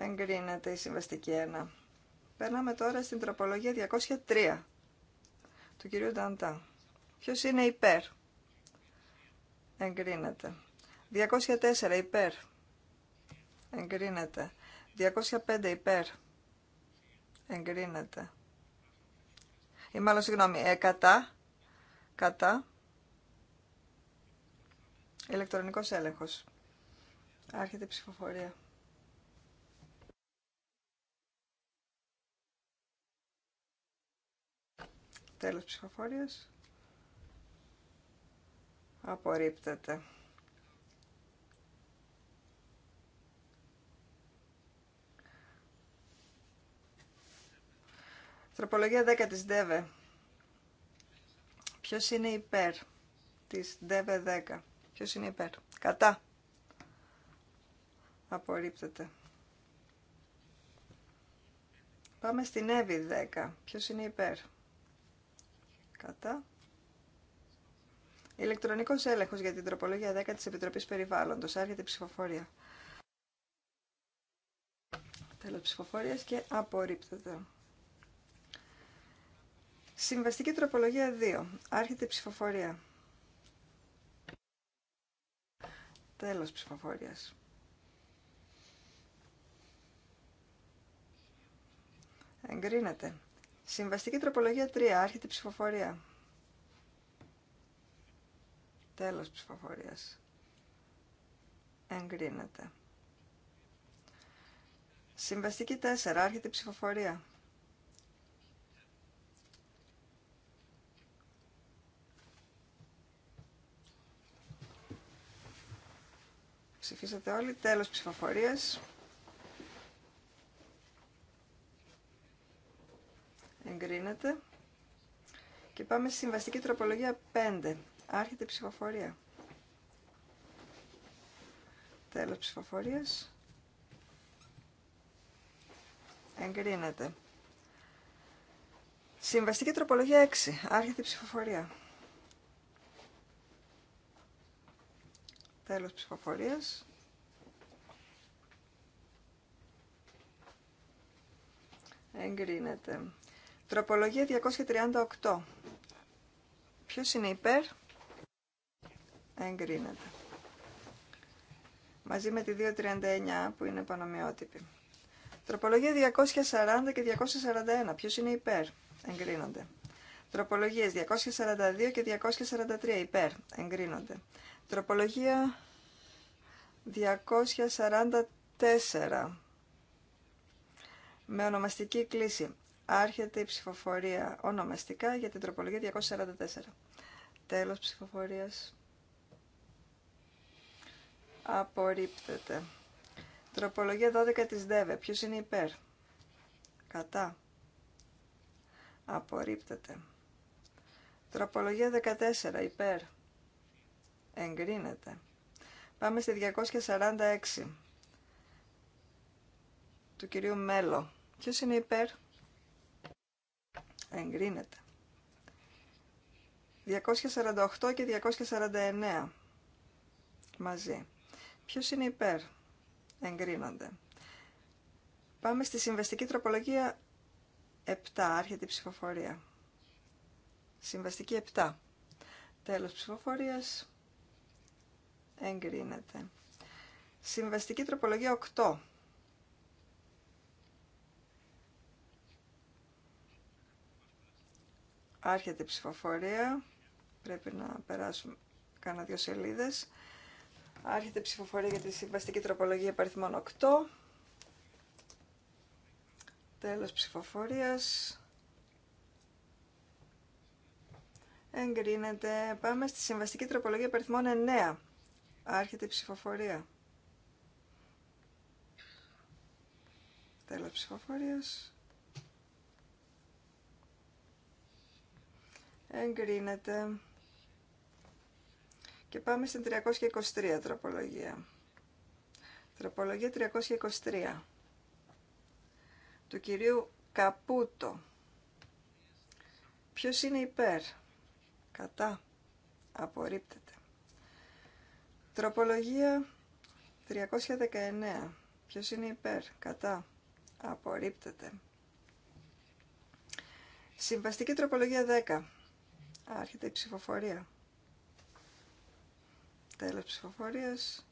Εγκρίνεται η συμβαστική 1. Περνάμε τώρα στην τροπολογία 203 του κυρίου Νταντά. Ποιο είναι υπέρ. Εγκρίνεται. 204 υπέρ. Εγκρίνεται. 205 υπέρ. Εγκρίνεται. Ή μάλλον συγγνώμη, ε, κατά. Κατά. Ηλεκτρονικός έλεγχος. Άρχεται η ψηφοφορία. Τέλος ψηφοφορίας. Απορρίπτεται. Τροπολογία 10 της ΔΕΒΕ. Ποιος είναι υπέρ της ΔΕΒΕ 10. Ποιος είναι υπέρ. Κατά. Απορρίπτεται. Πάμε στην ΕΒΗ 10. Ποιος είναι υπέρ. Κατά. Ηλεκτρονικό έλεγχος για την τροπολογία 10 τη Επιτροπής Περιβάλλοντος. Άρχεται η ψηφοφορία. Τέλο ψηφοφορία και απορρίπτεται. Συμβαστική τροπολογία 2. Άρχεται η ψηφοφορία. Τέλο ψηφοφορία. Εγκρίνεται. Συμβαστική τροπολογία 3. Άρχεται η ψηφοφορία. Τέλος ψηφοφορίας. Εγκρίνεται. Συμβαστική 4. Άρχεται η ψηφοφορία. Ψηφίσατε όλοι. Τέλος ψηφοφορίας. εγκρίνεται. Και πάμε στη συμβαστική τροπολογία 5. Άρχεται η ψηφοφορία. Τέλος ψηφοφορίας. Εγκρίνεται. Συμβαστική τροπολογία 6. Άρχεται η ψηφοφορία. Τέλος ψηφοφορίας. Εγκρίνεται. Τροπολογία 238. Ποιος είναι υπέρ? Εγκρίνεται. Μαζί με τη 239 που είναι πανομοιότυπη. Τροπολογία 240 και 241. Ποιος είναι υπέρ? Εγκρίνονται. Τροπολογίες 242 και 243 υπέρ. Εγκρίνονται. Τροπολογία 244 με ονομαστική κλίση. Άρχεται η ψηφοφορία ονομαστικά για την τροπολογία 244. Τέλος ψηφοφορίας. Απορρίπτεται. Τροπολογία 12 της ΔΕΒΕ. Ποιος είναι υπέρ. Κατά. Απορρίπτεται. Τροπολογία 14 υπέρ. Εγκρίνεται. Πάμε στη 246 του κυρίου Μέλο. Ποιος είναι υπέρ. Εγκρίνεται. 248 και 249 μαζί. Ποιος είναι υπέρ. Εγκρίνονται. Πάμε στη συμβαστική τροπολογία 7. Άρχεται η ψηφοφορία. Συμβαστική 7. Τέλος ψηφοφορίας. Εγκρίνεται. Συμβαστική τροπολογία 8. Άρχεται η ψηφοφορία. Πρέπει να περάσουμε κάνα δύο σελίδες. Άρχεται η ψηφοφορία για τη συμβαστική τροπολογία παριθμών 8. Τέλος ψηφοφορίας. Εγκρίνεται. Πάμε στη συμβαστική τροπολογία παριθμών 9. Άρχεται η ψηφοφορία. Τέλος ψηφοφορίας. εγκρίνεται. Και πάμε στην 323 τροπολογία. Τροπολογία 323 του κυρίου Καπούτο. Ποιος είναι υπέρ, κατά, απορρίπτεται. Τροπολογία 319. Ποιος είναι υπέρ, κατά, απορρίπτεται. Συμβαστική τροπολογία 10. Άρχεται η ψηφοφορία. Τέλος ψηφοφορίας.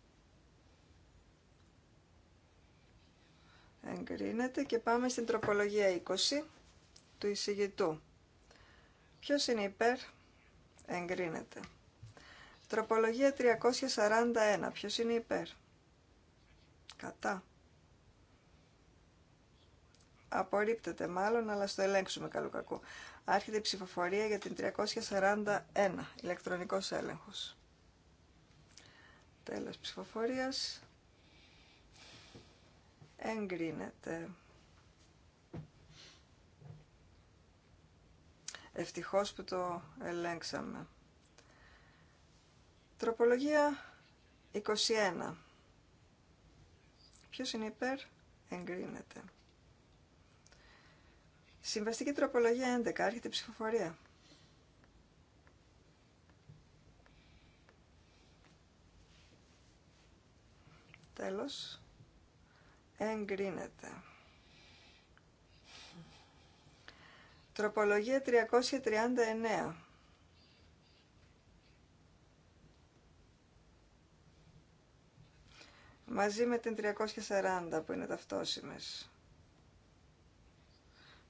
Εγκρίνεται και πάμε στην τροπολογία 20 του εισηγητού. Ποιος είναι υπέρ? Εγκρίνεται. Τροπολογία 341. Ποιος είναι υπέρ? Κατά. Απορρίπτεται μάλλον, αλλά στο ελέγξουμε καλού κακού. Άρχεται η ψηφοφορία για την 341. Ηλεκτρονικός έλεγχος. Τέλος ψηφοφορίας. Εγκρίνεται. Ευτυχώς που το ελέγξαμε. Τροπολογία 21. Ποιος είναι υπέρ, εγκρίνεται. Συμβαστική τροπολογία 11. Άρχεται η ψηφοφορία. Τέλος. Εγκρίνεται. Τροπολογία 339. Μαζί με την 340 που είναι ταυτόσιμες.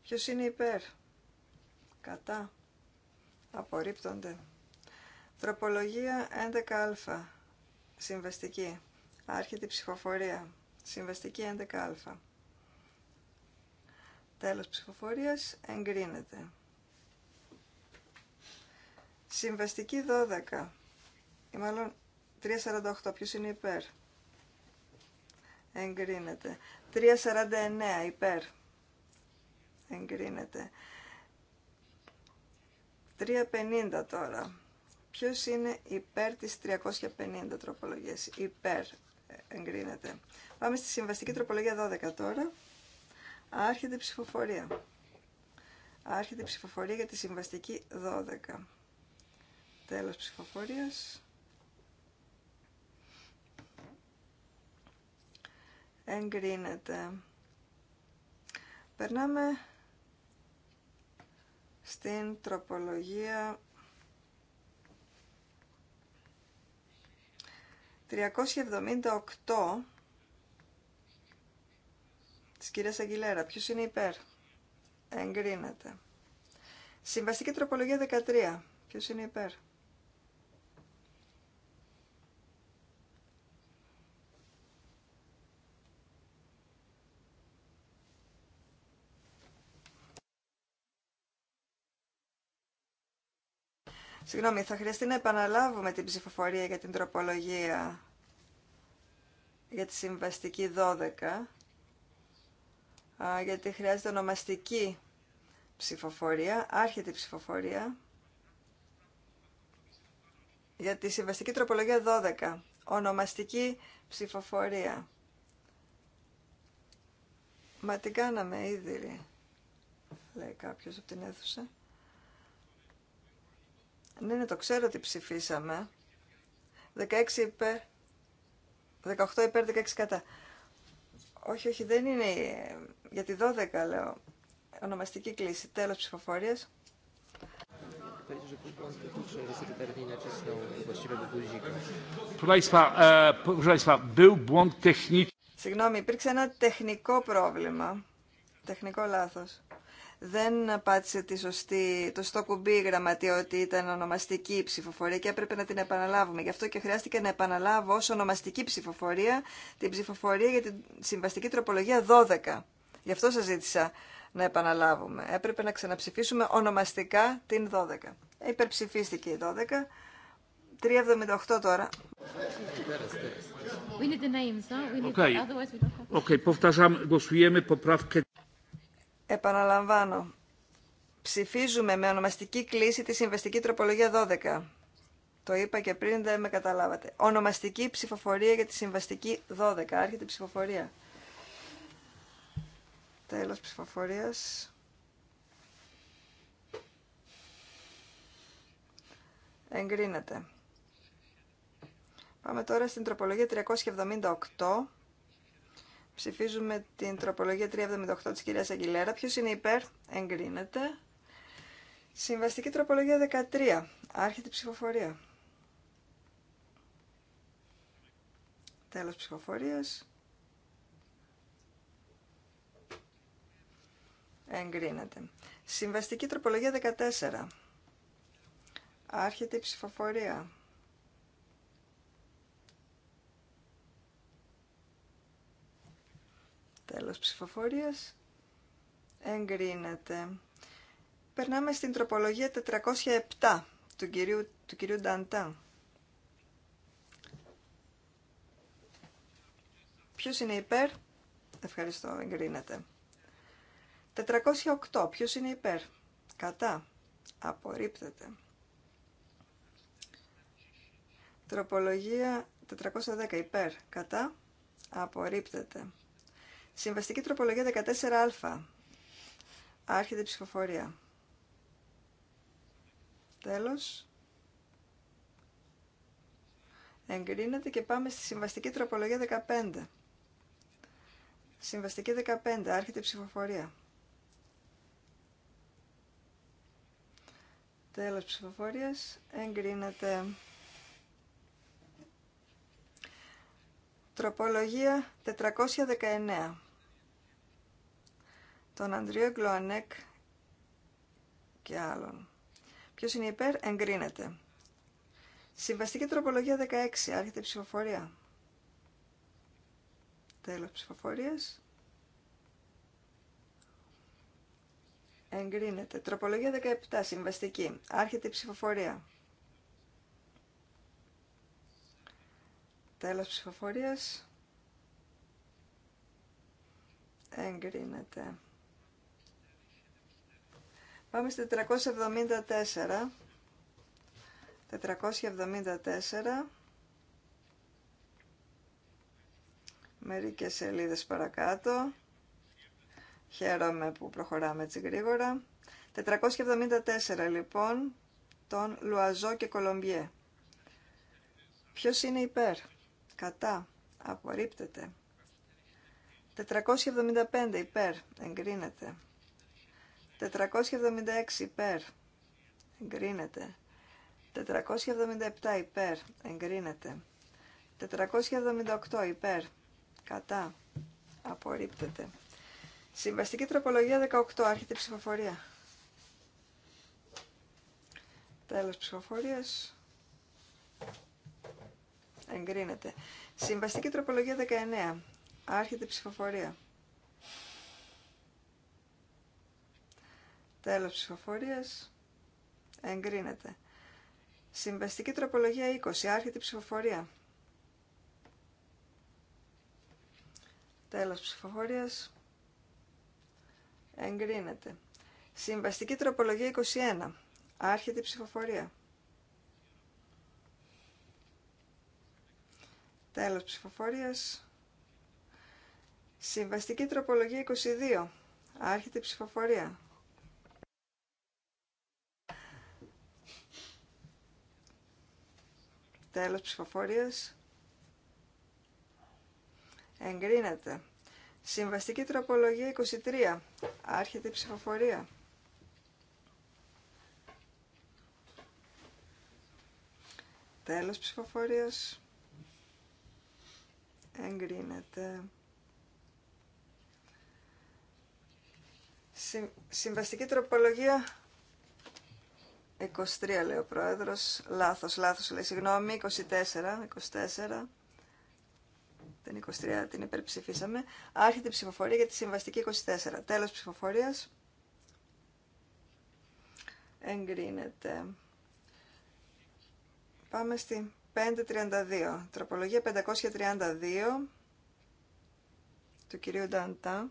Ποιος είναι υπέρ. Κατά. Απορρίπτονται. Τροπολογία 11α. Συμβαστική. Άρχεται η ψηφοφορία. Συμβαστική 11α. Τέλος ψυχοφοριας Εγκρίνεται. Συμβαστική 12. Ή μάλλον 348. Ποιος είναι υπέρ. Εγκρίνεται. 349 υπέρ εγκρίνεται. 350 τώρα. Ποιο είναι υπέρ της 350 τροπολογία Υπέρ εγκρίνεται. Πάμε στη συμβαστική τροπολογία 12 τώρα. Άρχεται η ψηφοφορία. Άρχεται η ψηφοφορία για τη συμβαστική 12. Τέλος ψηφοφορίας. Εγκρίνεται. Περνάμε στην τροπολογία 378 της κυρίας Αγγιλέρα. Ποιος είναι υπέρ. Εγκρίνεται. Συμβαστική τροπολογία 13. Ποιος είναι υπέρ. Συγγνώμη, θα χρειαστεί να επαναλάβουμε την ψηφοφορία για την τροπολογία για τη συμβαστική 12, γιατί χρειάζεται ονομαστική ψηφοφορία, άρχεται ψηφοφορία, για τη συμβαστική τροπολογία 12, ονομαστική ψηφοφορία. Μα την κάναμε ήδη, λέει κάποιος από την αίθουσα. Ναι, ναι, το ξέρω ότι ψηφίσαμε. 16 υπέρ, 18 υπέρ, 16 κατά. Όχι, όχι, δεν είναι ε, για τη 12, λέω. Ονομαστική κλίση. Τέλος ψηφοφορίας. E, Συγγνώμη, υπήρξε ένα τεχνικό πρόβλημα. Τεχνικό λάθος δεν πάτησε τη σωστή, το στο κουμπί η γραμματεία ότι ήταν ονομαστική ψηφοφορία και έπρεπε να την επαναλάβουμε. Γι' αυτό και χρειάστηκε να επαναλάβω ως ονομαστική ψηφοφορία την ψηφοφορία για την συμβαστική τροπολογία 12. Γι' αυτό σας ζήτησα να επαναλάβουμε. Έπρεπε να ξαναψηφίσουμε ονομαστικά την 12. Υπερψηφίστηκε η 12. 3,78 τώρα. Okay. Okay, powtarzam, głosujemy poprawkę. Επαναλαμβάνω. Ψηφίζουμε με ονομαστική κλίση τη συμβαστική τροπολογία 12. Το είπα και πριν, δεν με καταλάβατε. Ονομαστική ψηφοφορία για τη συμβαστική 12. Άρχεται η ψηφοφορία. Τέλος ψηφοφορίας. Εγκρίνεται. Πάμε τώρα στην τροπολογία 378 Ψηφίζουμε την τροπολογία 378 της κυρίας Αγγιλέρα. Ποιος είναι υπέρ, εγκρίνεται. Συμβαστική τροπολογία 13. Άρχεται η ψηφοφορία. Τέλος ψηφοφορίας. Εγκρίνεται. Συμβαστική τροπολογία 14. Άρχεται η ψηφοφορία. Τέλος ψηφοφορία. Εγκρίνεται. Περνάμε στην τροπολογία 407 του κυρίου, του κυρίου Νταντά. Ποιος είναι υπέρ? Ευχαριστώ, εγκρίνεται. 408. Ποιος είναι υπέρ? Κατά. Απορρίπτεται. Τροπολογία 410 υπέρ. Κατά. Απορρίπτεται. Συμβαστική τροπολογία 14α. Άρχεται η ψηφοφορία. Τέλος. Εγκρίνεται και πάμε στη συμβαστική τροπολογία 15. Συμβαστική 15. Άρχεται η ψηφοφορία. Τέλος ψηφοφορίας. Εγκρίνεται. Τροπολογία 419 τον Ανδρίο Γκλοανέκ και άλλων. Ποιος είναι υπέρ, εγκρίνεται. Συμβαστική τροπολογία 16, άρχεται η ψηφοφορία. Τέλος ψηφοφορίας. Εγκρίνεται. Τροπολογία 17, συμβαστική. Άρχεται η ψηφοφορία. Τέλος ψηφοφορίας. Εγκρίνεται. Πάμε στο 474. 474. Μερικές σελίδες παρακάτω. Χαίρομαι που προχωράμε έτσι γρήγορα. 474 λοιπόν, τον Λουαζό και Κολομπιέ. Ποιος είναι υπέρ, κατά, απορρίπτεται. 475 υπέρ, εγκρίνεται. 476 υπέρ. Εγκρίνεται. 477 υπέρ. Εγκρίνεται. 478 υπέρ. Κατά. Απορρίπτεται. Συμβαστική τροπολογία 18. Άρχεται η ψηφοφορία. Τέλος ψηφοφορίας. Εγκρίνεται. Συμβαστική τροπολογία 19. Άρχεται η ψηφοφορία. Τέλος ψηφοφορίας. Εγκρίνεται. Συμβαστική τροπολογία 20. Άρχεται η ψηφοφορία. Τέλος ψηφοφορίας. Εγκρίνεται. Συμβαστική τροπολογία 21. Άρχεται η ψηφοφορία. Τέλος ψηφοφορίας. Συμβαστική τροπολογία 22. Άρχεται η ψηφοφορία. Τέλος ψηφοφορίας. Εγκρίνεται. Συμβαστική τροπολογία 23. Άρχεται η ψηφοφορία. Τέλος ψηφοφορίας. Εγκρίνεται. Συμβαστική τροπολογία 23 λέει ο πρόεδρος. Λάθος, λάθος λέει. Συγγνώμη, 24, 24. Την 23 την υπερψηφίσαμε. Άρχεται η ψηφοφορία για τη συμβαστική 24. Τέλος ψηφοφορίας. Εγκρίνεται. Πάμε στη 532. Τροπολογία 532 του κυρίου Νταντά.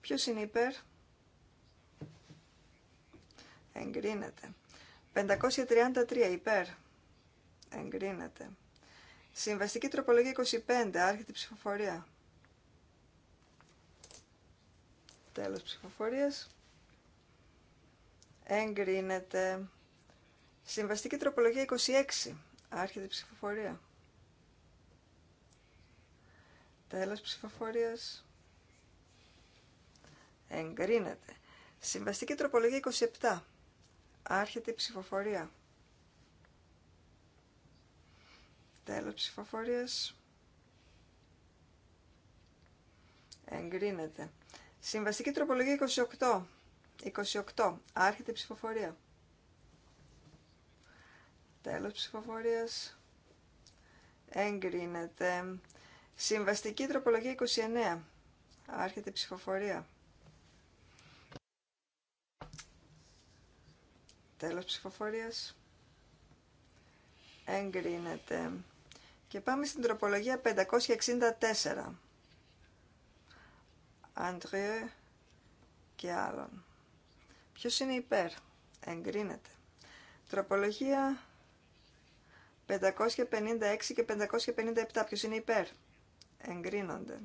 Ποιος είναι υπέρ εγκρίνεται. 533 υπέρ, εγκρίνεται. Συμβαστική τροπολογία 25, άρχεται ψηφοφορία. Τέλος ψηφοφορίας. Εγκρίνεται. Συμβαστική τροπολογία 26, άρχεται ψηφοφορία. Τέλος ψηφοφορίας. Εγκρίνεται. Συμβαστική τροπολογία 27. Άρχεται η ψηφοφορία. Τέλος ψηφοφορίας. Εγκρίνεται. Συμβαστική τροπολογία 28. 28. Άρχεται η ψηφοφορία. Τέλος ψηφοφορίας. Εγκρίνεται. Συμβαστική τροπολογία 29. Άρχεται η ψηφοφορία. Τέλος ψηφοφορίας. Εγκρίνεται. Και πάμε στην τροπολογία 564. Αντριέ και άλλων. Ποιος είναι υπέρ. Εγκρίνεται. Τροπολογία 556 και 557. Ποιος είναι υπέρ. Εγκρίνονται.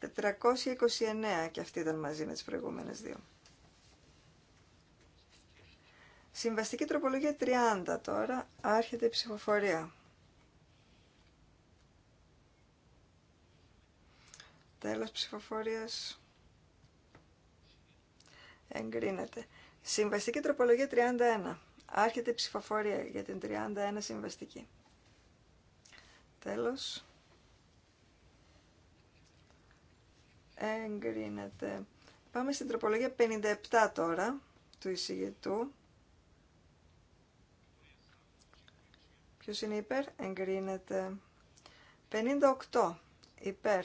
429 και αυτή ήταν μαζί με τις προηγούμενες δύο. Συμβαστική τροπολογία 30 τώρα. Άρχεται η ψηφοφορία. Τέλος ψηφοφορίας. Εγκρίνεται. Συμβαστική τροπολογία 31. Άρχεται η ψηφοφορία για την 31 συμβαστική. Τέλος. Εγκρίνεται. Πάμε στην τροπολογία 57 τώρα του εισηγητού. Ποιο είναι υπέρ, εγκρίνεται. 58 υπέρ,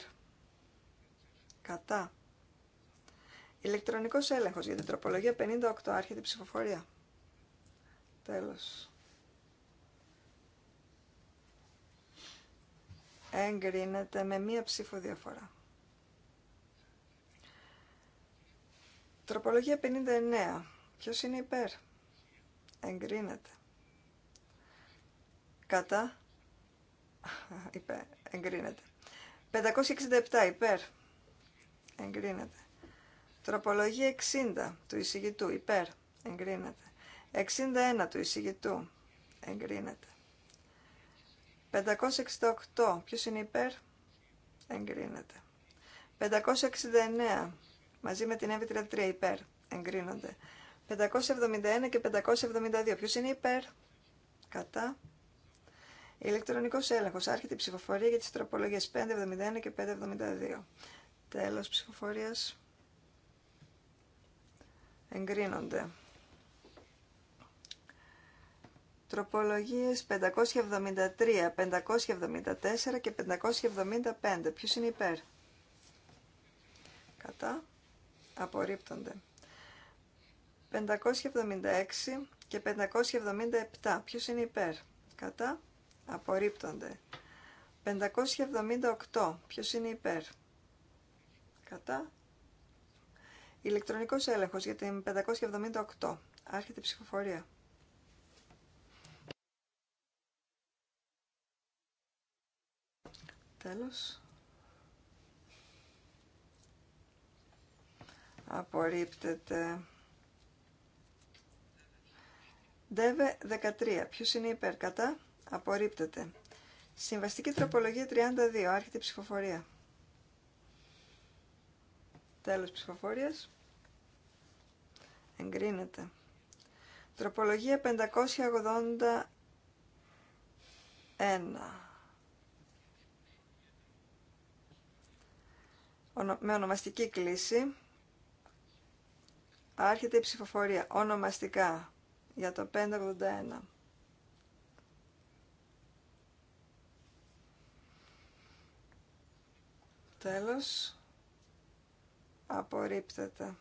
κατά. Ηλεκτρονικό έλεγχος για την τροπολογία 58, άρχεται η ψηφοφορία. Τέλος. Εγκρίνεται με μία ψήφο διαφορά. Τροπολογία 59. Ποιο είναι υπέρ. Εγκρίνεται. Κατά. Υπέρ. Εγκρίνεται. 567 υπέρ. Εγκρίνεται. Τροπολογία 60 του εισηγητού υπέρ. Εγκρίνεται. 61 του εισηγητού. Εγκρίνεται. 568. Ποιος είναι υπέρ? Εγκρίνεται. 569. Μαζί με την εβ 3 υπέρ. Εγκρίνονται. 571 και 572. Ποιος είναι υπέρ? Κατά ηλεκτρονικό έλεγχο Άρχεται η ψηφοφορία για τις τροπολογίες 571 και 572. Τέλος ψηφοφορία. Εγκρίνονται. Τροπολογίες 573, 574 και 575. Ποιος είναι υπέρ. Κατά. Απορρίπτονται. 576 και 577. Ποιος είναι υπέρ. Κατά απορρίπτονται. 578. Ποιος είναι υπέρ. Κατά. Ηλεκτρονικός έλεγχος για την 578. Άρχεται η ψηφοφορία. Τέλος. Απορρίπτεται. Δεύε 13. Ποιος είναι υπέρ κατά. Απορρίπτεται. Συμβαστική τροπολογία 32. Άρχεται η ψηφοφορία. Τέλος ψηφοφορίας. Εγκρίνεται. Τροπολογία 581. Με ονομαστική κλίση. Άρχεται η ψηφοφορία. Ονομαστικά. Για το 581. Τέλος. Απορρίπτεται.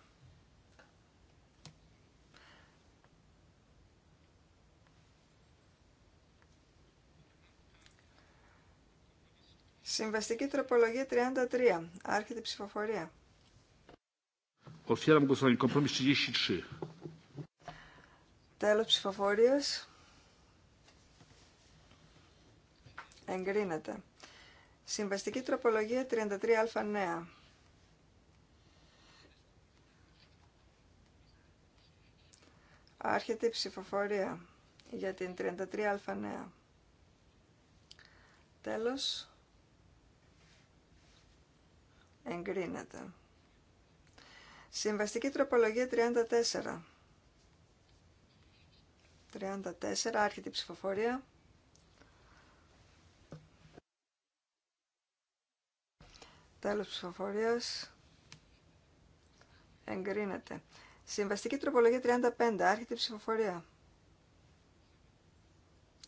Συμβαστική τροπολογία 33. Άρχεται η ψηφοφορία. Otwieram głosowanie. Kompromis 33. Τέλος ψηφοφορίας. Εγκρίνεται. Συμβαστική τροπολογία 33α νέα. Άρχεται η ψηφοφορία για την 33α νέα. Τέλος. Εγκρίνεται. Συμβαστική τροπολογία 34. 34. Άρχεται η ψηφοφορία. Τέλος ψηφοφορίας. Εγκρίνεται. Συμβαστική τροπολογία 35. Άρχεται η ψηφοφορία.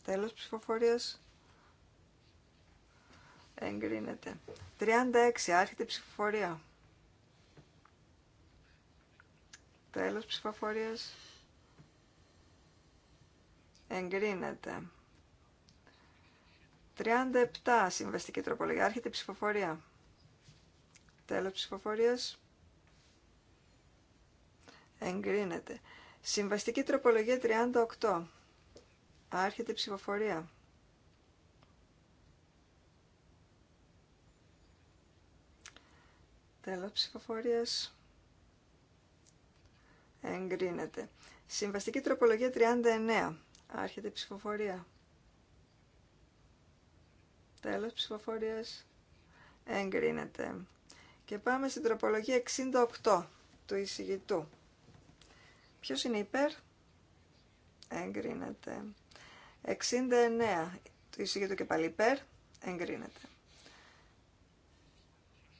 Τέλος ψηφοφορίας. Εγκρίνεται. 36. Άρχεται η ψηφοφορία. Τέλος ψηφοφορίας. Εγκρίνεται. 37. Συμβαστική τροπολογία. Άρχεται η ψηφοφορία. Τέλος ψηφοφορίας. Εγκρίνεται. Συμβαστική τροπολογία 38. Άρχεται η ψηφοφορία. Τέλος ψηφοφορίας. Εγκρίνεται. Συμβαστική τροπολογία 39. Άρχεται η ψηφοφορία. Τέλος ψηφοφορίας. Εγκρίνεται. Και πάμε στην τροπολογία 68 του εισηγητού. Ποιος είναι υπέρ? Εγκρίνεται. 69 του εισηγητού και πάλι υπέρ. Εγκρίνεται.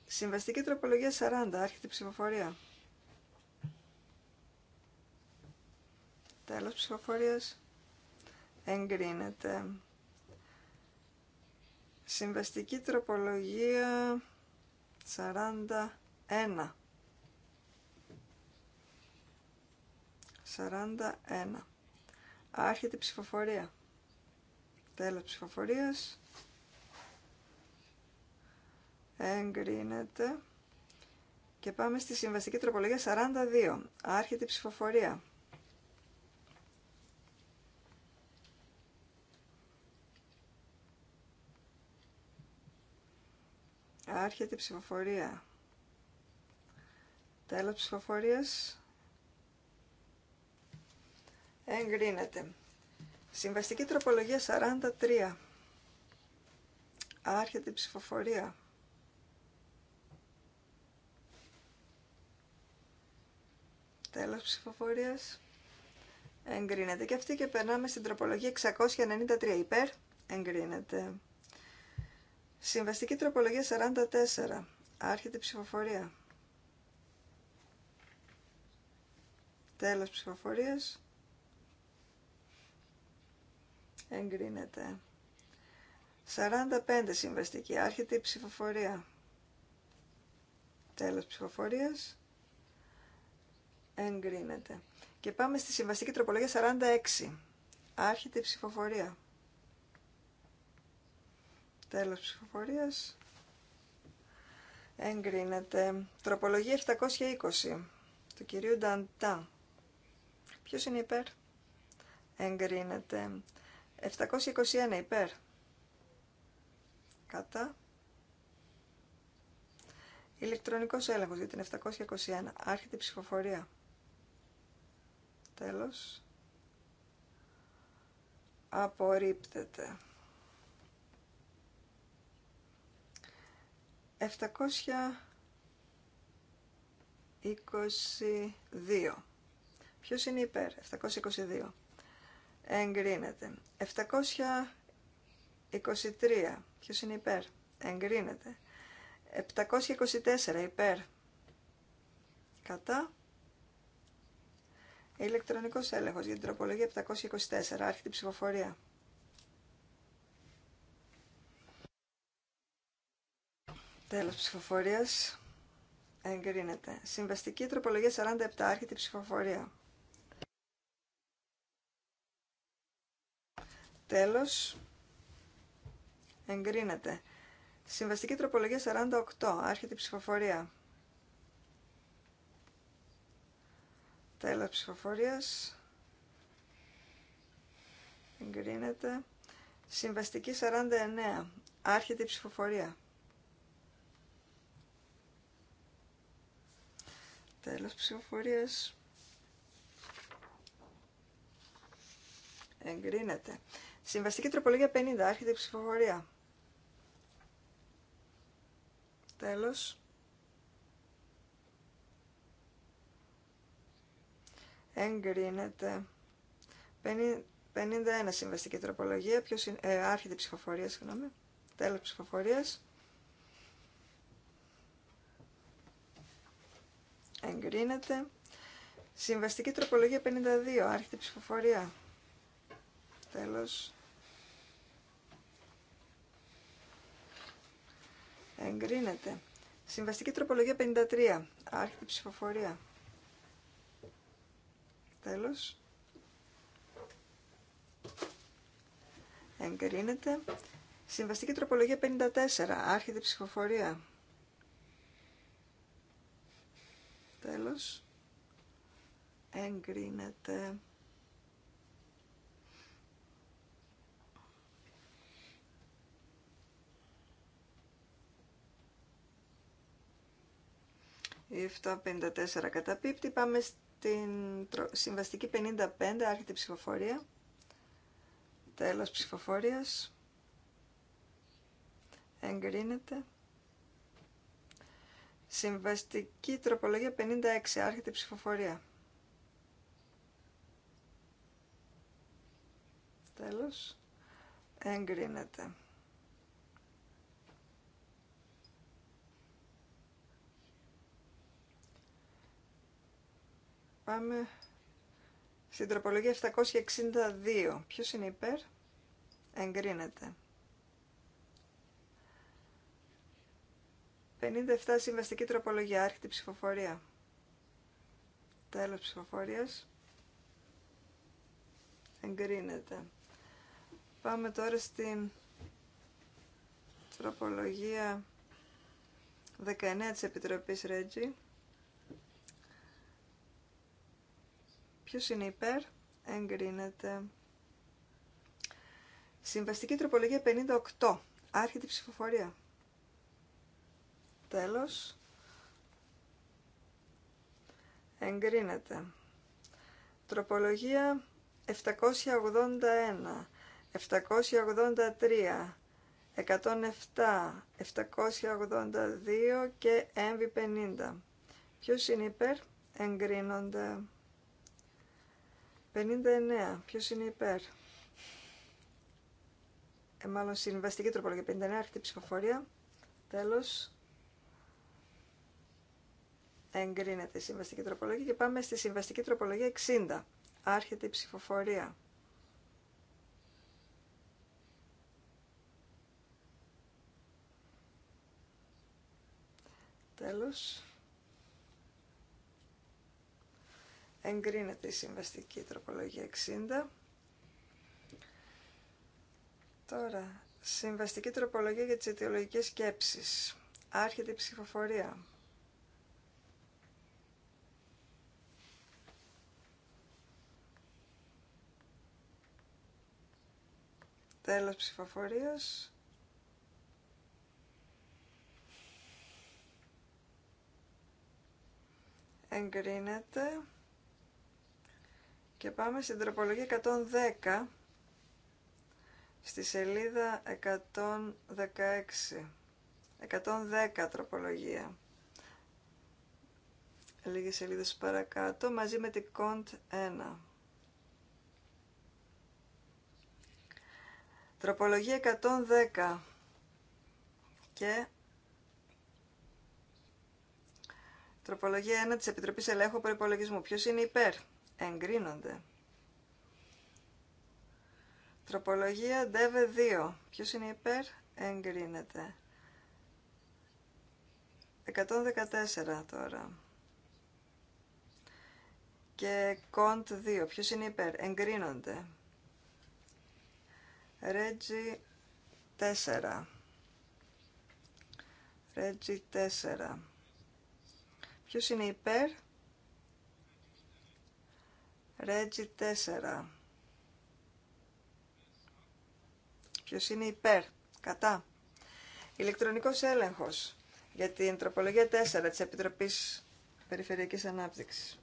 Συμβαστική τροπολογία 40. Άρχεται ψηφοφορία. Τέλος ψηφοφορίας. Εγκρίνεται. Συμβαστική τροπολογία 41. 41. Άρχεται η ψηφοφορία. Τέλος ψηφοφορίας. Εγκρίνεται. Και πάμε στη συμβαστική τροπολογία 42. Άρχεται η ψηφοφορία. Άρχεται η ψηφοφορία. Τέλος ψηφοφορίας. Εγκρίνεται. Συμβαστική τροπολογία 43. Άρχεται η ψηφοφορία. Τέλος ψηφοφορίας. Εγκρίνεται και αυτή και περνάμε στην τροπολογία 693 υπέρ. Εγκρίνεται. Συμβαστική τροπολογία 44. Άρχεται η ψηφοφορία. Τέλος ψηφοφορίας. Εγκρίνεται. 45 συμβαστική. Άρχεται η ψηφοφορία. Τέλος ψηφοφορίας. Εγκρίνεται. Και πάμε στη συμβαστική τροπολογία 46. Άρχεται η ψηφοφορία. Τέλος ψηφοφορίας. Εγκρίνεται. Τροπολογία 720 του κυρίου Νταντά. Ποιος είναι υπέρ? Εγκρίνεται. 721 υπέρ. Κατά. Ηλεκτρονικός έλεγχος για την 721. Άρχεται η ψηφοφορία. Τέλος. Απορρίπτεται. 722. Ποιος είναι υπέρ, 722. Εγκρίνεται. 723. Ποιος είναι υπέρ, εγκρίνεται. 724 υπέρ. Κατά. Ηλεκτρονικός έλεγχος για την τροπολογία 724. Άρχεται η ψηφοφορία. Τέλος ψηφοφορίας. Εγκρίνεται. Συμβαστική τροπολογία 47. Άρχεται η ψηφοφορία. Τέλος. Εγκρίνεται. Συμβαστική τροπολογία 48. Άρχεται η ψηφοφορία. Τέλος ψηφοφορίας. Εγκρίνεται. Συμβαστική 49. Άρχεται η ψηφοφορία. Τέλος ψηφοφορίας. Εγκρίνεται. Συμβαστική τροπολογία 50. Άρχεται η ψηφοφορία. Τέλος. Εγκρίνεται. 51 συμβαστική τροπολογία. Ποιος είναι, ε, άρχεται η ψηφοφορία, συγγνώμη. Τέλος ψηφοφορίας. Εγκρίνεται. Συμβαστική τροπολογία 52. άρχιτε ψηφοφορία. Τέλος. Εγκρίνεται. Συμβαστική τροπολογία 53. άρχιτε ψηφοφορία. Τέλος. Εγκρίνεται. Συμβαστική τροπολογία 54. άρχιτε ψηφοφορία. Τέλος. Εγκρίνεται. Η 754 καταπίπτει. Πάμε στην συμβαστική 55, άρχεται η ψηφοφορία. Τέλος ψηφοφορίας. Εγκρίνεται. Συμβαστική τροπολογία 56. Άρχεται η ψηφοφορία. Τέλος. Εγκρίνεται. Πάμε στην τροπολογία 762. Ποιος είναι υπέρ? Εγκρίνεται. 57 συμβαστική τροπολογία, άρχιτη ψηφοφορία. Τέλος ψηφοφορίας. Εγκρίνεται. Πάμε τώρα στην τροπολογία 19 της Επιτροπής Ρέτζι. Ποιος είναι υπέρ, εγκρίνεται. Συμβαστική τροπολογία 58, άρχιτη ψηφοφορία. Τέλος. Εγκρίνεται. Τροπολογία 781, 783, 107, 782 και MV50. Ποιος είναι υπέρ? Εγκρίνονται. 59. Ποιος είναι υπέρ? Ε, μάλλον συμβαστική τροπολογία. 59. Αρχιτή ψηφοφορία. Τέλος. Εγκρίνεται η συμβαστική τροπολογία και πάμε στη συμβαστική τροπολογία 60. Άρχεται η ψηφοφορία. Τέλος. Εγκρίνεται η συμβαστική τροπολογία 60. Τώρα, συμβαστική τροπολογία για τις αιτιολογικές σκέψεις. Άρχεται η ψηφοφορία. Τέλος ψηφοφορίας. Εγκρίνεται. Και πάμε στην τροπολογία 110 στη σελίδα 116. 110 τροπολογία. Λίγες σελίδες παρακάτω μαζί με την κοντ 1. Τροπολογία 110 και τροπολογία 1 της Επιτροπής Ελέγχου Προϋπολογισμού. Ποιος είναι υπέρ. Εγκρίνονται. Τροπολογία DV2. Ποιος είναι υπέρ. Εγκρίνεται. 114 τώρα. Και κοντ 2. Ποιος είναι υπέρ. Εγκρίνονται. Ρέτζι 4. Ρέτζι 4. Ποιος είναι υπέρ? Ρέτζι 4. Ποιος είναι υπέρ? Κατά. Ηλεκτρονικός έλεγχος για την τροπολογία 4 της Επιτροπής Περιφερειακής Ανάπτυξης.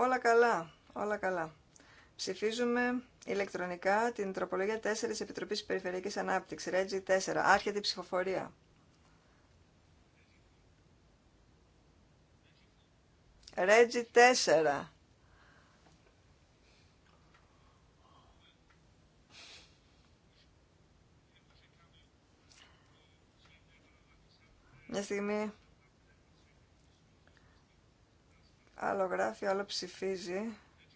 Όλα καλά, όλα καλά. Ψηφίζουμε ηλεκτρονικά την τροπολογία 4 της Επιτροπής Περιφερειακής Ανάπτυξης, Ρέτζι 4. Άρχεται η ψηφοφορία. Ρέτζι 4. Μια στιγμή Άλλο γράφει, άλλο ψηφίζει.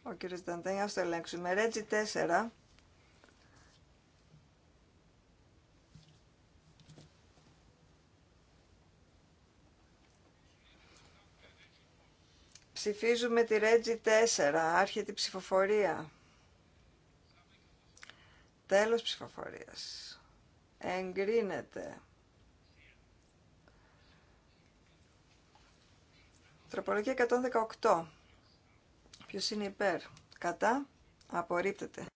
Ο κύριος Νταντέν, ας το ελέγξουμε. Ρέτζι 4. Ψηφίζουμε τη Ρέτζι 4. Άρχεται η ψηφοφορία. Τέλος ψηφοφορίας. Εγκρίνεται. Τροπολογία 118. Ποιος είναι υπέρ. Κατά. Απορρίπτεται.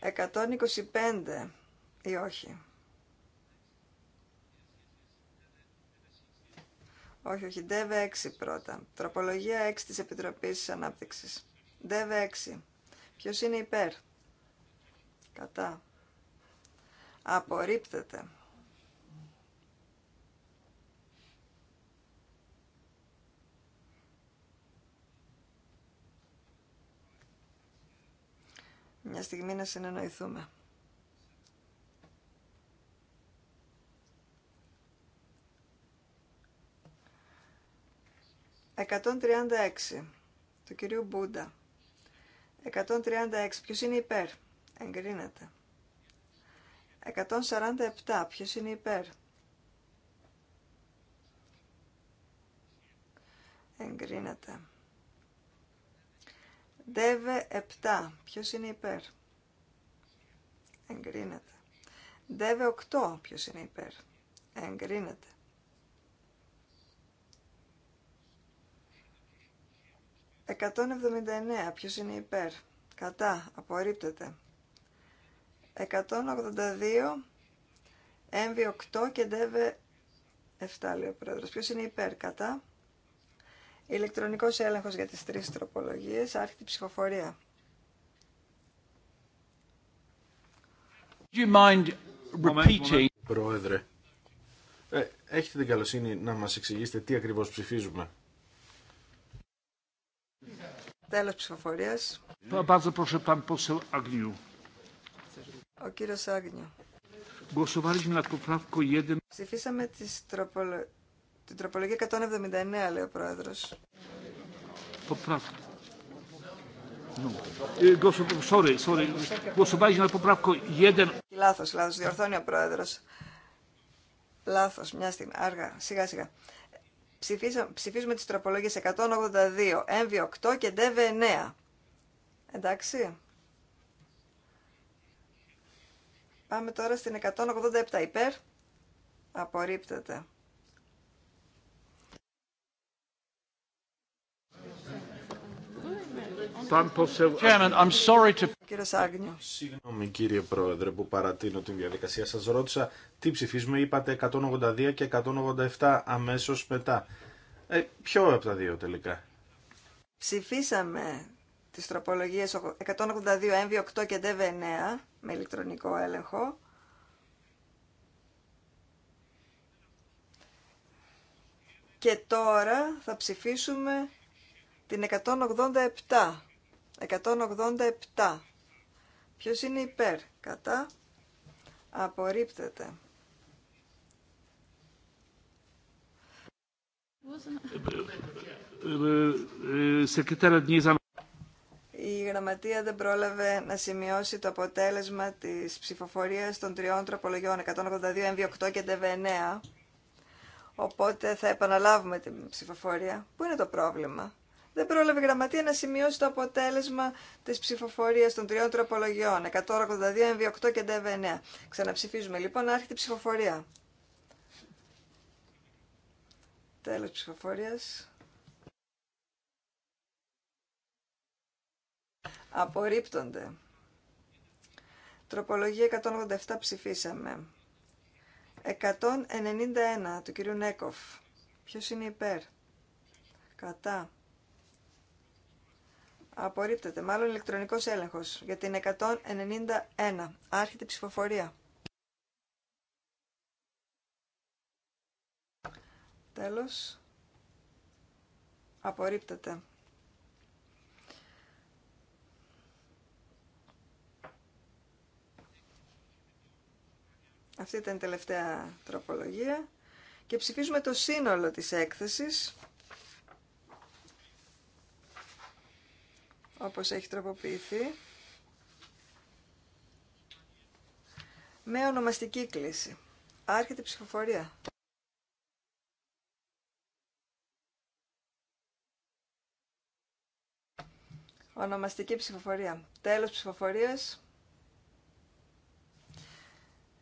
125 ή όχι. Όχι, όχι. ΔΕΒΕ 6 πρώτα. Τροπολογία 6 της Επιτροπής Ανάπτυξης. ΔΕΒΕ 6. Ποιος είναι υπέρ. Κατά. Απορρίπτεται. Μια στιγμή να συνεννοηθούμε. Εκατόν τριάντα έξι του κυρίου Μπούντα. 136. Ποιος είναι υπέρ. Εγκρίνεται. 147. Ποιος είναι υπέρ. Εγκρίνεται. ΔΕΒΕ 7. ποιο είναι υπέρ. Εγκρίνεται. ΔΕΒΕ 8. ποιο είναι υπέρ. Εγκρίνεται. Εκατόν εβδομήντα Ποιος είναι υπέρ. Κατά. Απορρίπτεται. 182. έμβιο 8 και ντεβε 7 λέει ο πρόεδρος. Ποιος είναι υπέρ. Κατά. Ηλεκτρονικός έλεγχος για τις τρεις τροπολογίες, άρχιτη ψηφοφορία. Do you mind repeating? Πρόεδρε, ε, έχετε την καλοσύνη να μας εξηγήσετε τι ακριβώς ψηφίζουμε. Τέλος ψηφοφορίας. Ο κύριος Άγνιου. Ψηφίσαμε τις τροπολογίες την τροπολογία 179 λέει ο πρόεδρος. Ε, sorry, sorry. Λάθος, λάθος, διορθώνει ο πρόεδρος. Λάθος, μια στιγμή, άργα, σιγά σιγά. Ψηφίζουμε τις τροπολογίες 182, MV8 και DV9. Εντάξει. Πάμε τώρα στην 187 υπέρ. Απορρίπτεται. Συγγνώμη κύριε Πρόεδρε που παρατείνω την διαδικασία. Σας ρώτησα τι ψηφίζουμε. Είπατε 182 και 187 αμέσως μετά. Ε, ποιο από τα δύο τελικά. Ψηφίσαμε τις τροπολογίες 182, mv 8 και DV9 με ηλεκτρονικό έλεγχο. Και τώρα θα ψηφίσουμε την 187 187. Ποιος είναι υπέρ, κατά, απορρίπτεται. Η γραμματεία δεν πρόλαβε να σημειώσει το αποτέλεσμα της ψηφοφορίας των τριών τροπολογιών 182, MV8 και DV9. Οπότε θα επαναλάβουμε την ψηφοφορία. Πού είναι το πρόβλημα? δεν πρόλαβε η γραμματεία να σημειώσει το αποτέλεσμα τη ψηφοφορία των τριών τροπολογιών, 182, MV8 και DV9. Ξαναψηφίζουμε λοιπόν, άρχεται η ψηφοφορία. Τέλο ψηφοφορία. Απορρίπτονται. Τροπολογία 187 ψηφίσαμε. 191 του κυρίου Νέκοφ. Ποιος είναι υπέρ. Κατά. Απορρίπτεται. Μάλλον ηλεκτρονικός έλεγχος για την 191. Άρχεται η ψηφοφορία. Τέλος. Απορρίπτεται. Αυτή ήταν η τελευταία τροπολογία. Και ψηφίζουμε το σύνολο της έκθεσης. όπως έχει τροποποιηθεί, με ονομαστική κλίση. Άρχεται η ψηφοφορία. Ονομαστική ψηφοφορία. Τέλος ψηφοφορίας.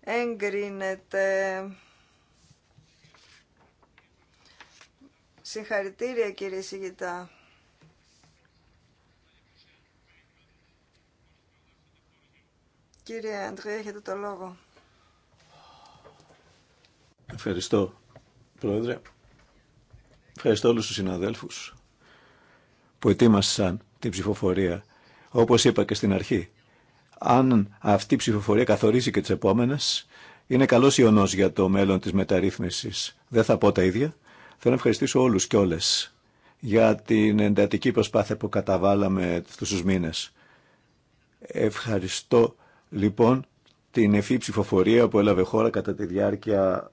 Εγκρίνεται. Συγχαρητήρια κύριε Σιγητά. Κύριε Αντρέα, έχετε το λόγο. Ευχαριστώ, Πρόεδρε. Ευχαριστώ όλους τους συναδέλφους που ετοίμασαν την ψηφοφορία. Όπως είπα και στην αρχή, αν αυτή η ψηφοφορία καθορίζει και τις επόμενες, είναι καλός ιονός για το μέλλον της μεταρρύθμισης. Δεν θα πω τα ίδια. Θέλω να ευχαριστήσω όλους και όλες για την εντατική προσπάθεια που καταβάλαμε αυτούς τους μήνες. Ευχαριστώ λοιπόν την εφή ψηφοφορία που έλαβε χώρα κατά τη διάρκεια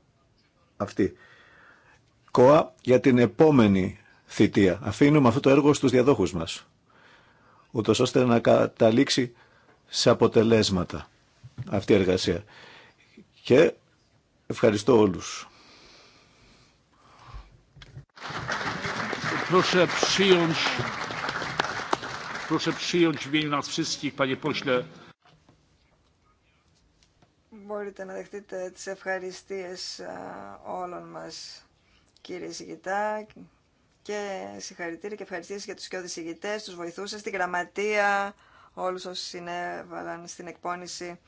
αυτή. ΚΟΑ για την επόμενη θητεία. Αφήνουμε αυτό το έργο στους διαδόχους μας, ούτω ώστε να καταλήξει σε αποτελέσματα αυτή η εργασία. Και ευχαριστώ όλους. Proszę przyjąć, proszę przyjąć w nas μπορείτε να δεχτείτε τις ευχαριστίες όλων μας, κύριε Σιγητά, και συγχαρητήρια και ευχαριστίες για τους και οδησηγητές, τους σας, την γραμματεία, όλους όσους συνέβαλαν στην εκπόνηση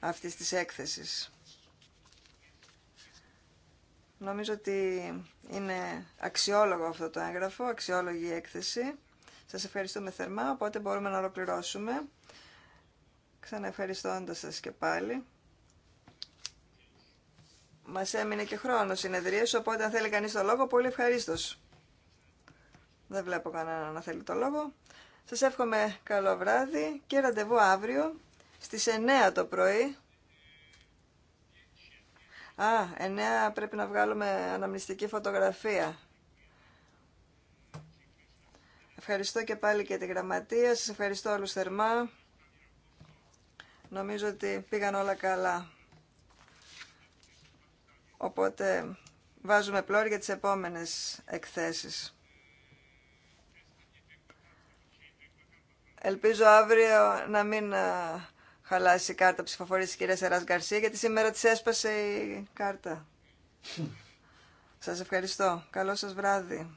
αυτής της έκθεσης. Νομίζω ότι είναι αξιόλογο αυτό το έγγραφο, αξιόλογη έκθεση. Σας ευχαριστούμε θερμά, οπότε μπορούμε να ολοκληρώσουμε. Ξαναευχαριστώντας σας και πάλι. Μας έμεινε και χρόνο συνεδρίες, οπότε αν θέλει κανείς το λόγο, πολύ ευχαρίστω. Δεν βλέπω κανένα να θέλει το λόγο. Σας εύχομαι καλό βράδυ και ραντεβού αύριο στις 9 το πρωί. Α, 9 πρέπει να βγάλουμε αναμνηστική φωτογραφία. Ευχαριστώ και πάλι και τη γραμματεία. Σας ευχαριστώ όλους θερμά. Νομίζω ότι πήγαν όλα καλά. Οπότε βάζουμε πλώρη για τις επόμενες εκθέσεις. Ελπίζω αύριο να μην ε, χαλάσει η κάρτα ψηφοφορίας της κυρίας Εράς Γκαρσία, γιατί σήμερα της έσπασε η κάρτα. Σας ευχαριστώ. Καλό σας βράδυ.